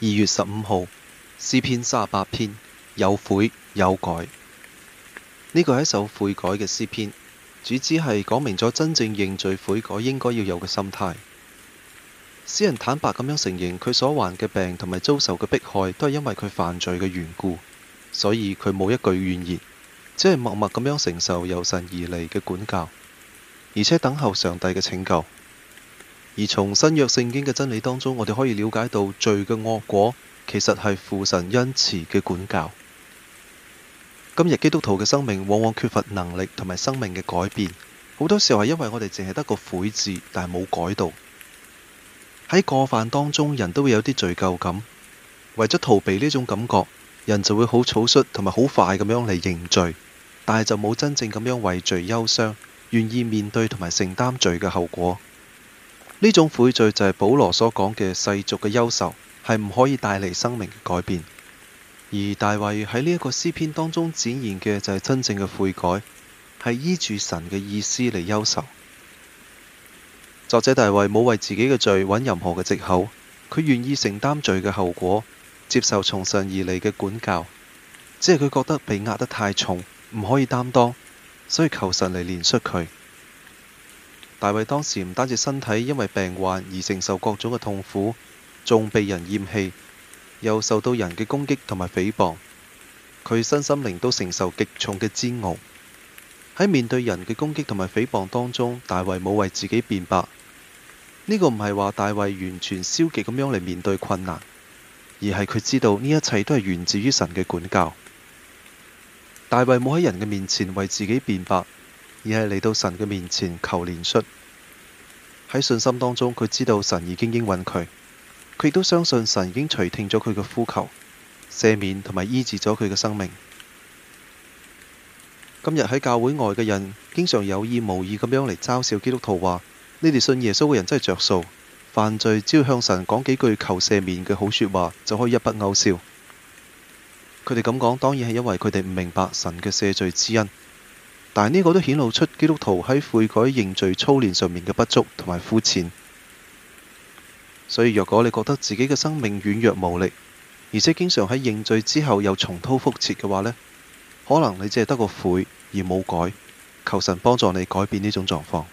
二月十五號，詩篇三十八篇，有悔有改。呢、這個係一首悔改嘅詩篇，主旨係講明咗真正認罪悔改應該要有嘅心態。詩人坦白咁樣承認，佢所患嘅病同埋遭受嘅迫害，都係因為佢犯罪嘅緣故，所以佢冇一句怨言，只係默默咁樣承受由神而嚟嘅管教，而且等候上帝嘅拯救。而從新約聖經嘅真理當中，我哋可以了解到罪嘅惡果其實係父神恩慈嘅管教。今日基督徒嘅生命往往缺乏能力同埋生命嘅改變，好多時候係因為我哋淨係得個悔字，但係冇改到。喺過犯當中，人都會有啲罪疚感。為咗逃避呢種感覺，人就會好草率同埋好快咁樣嚟認罪，但係就冇真正咁樣為罪憂傷，願意面對同埋承擔罪嘅後果。呢種悔罪就係保羅所講嘅世俗嘅憂愁，係唔可以帶嚟生命嘅改變。而大衛喺呢一個詩篇當中展現嘅就係真正嘅悔改，係依住神嘅意思嚟憂愁。作者大衛冇為自己嘅罪搵任何嘅藉口，佢願意承擔罪嘅後果，接受從神而嚟嘅管教。只係佢覺得被壓得太重，唔可以擔當，所以求神嚟憐恤佢。大衛當時唔單止身體因為病患而承受各種嘅痛苦，仲被人厭棄，又受到人嘅攻擊同埋誹謗。佢身心靈都承受極重嘅煎熬。喺面對人嘅攻擊同埋誹謗當中，大衛冇為自己辯白。呢個唔係話大衛完全消極咁樣嚟面對困難，而係佢知道呢一切都係源自於神嘅管教。大衛冇喺人嘅面前為自己辯白。而係嚟到神嘅面前求憐恤，喺信心當中，佢知道神已經應允佢，佢亦都相信神已經垂聽咗佢嘅呼求，赦免同埋醫治咗佢嘅生命。今日喺教會外嘅人，經常有意無意咁樣嚟嘲笑基督徒話：你哋信耶穌嘅人真係着數，犯罪只要向神講幾句求赦免嘅好說話，就可以一筆勾銷。佢哋咁講，當然係因為佢哋唔明白神嘅赦罪之恩。但呢個都顯露出基督徒喺悔改認罪操練上面嘅不足同埋膚淺，所以若果你覺得自己嘅生命軟弱無力，而且經常喺認罪之後又重蹈覆轍嘅話呢，可能你只係得個悔而冇改，求神幫助你改變呢種狀況。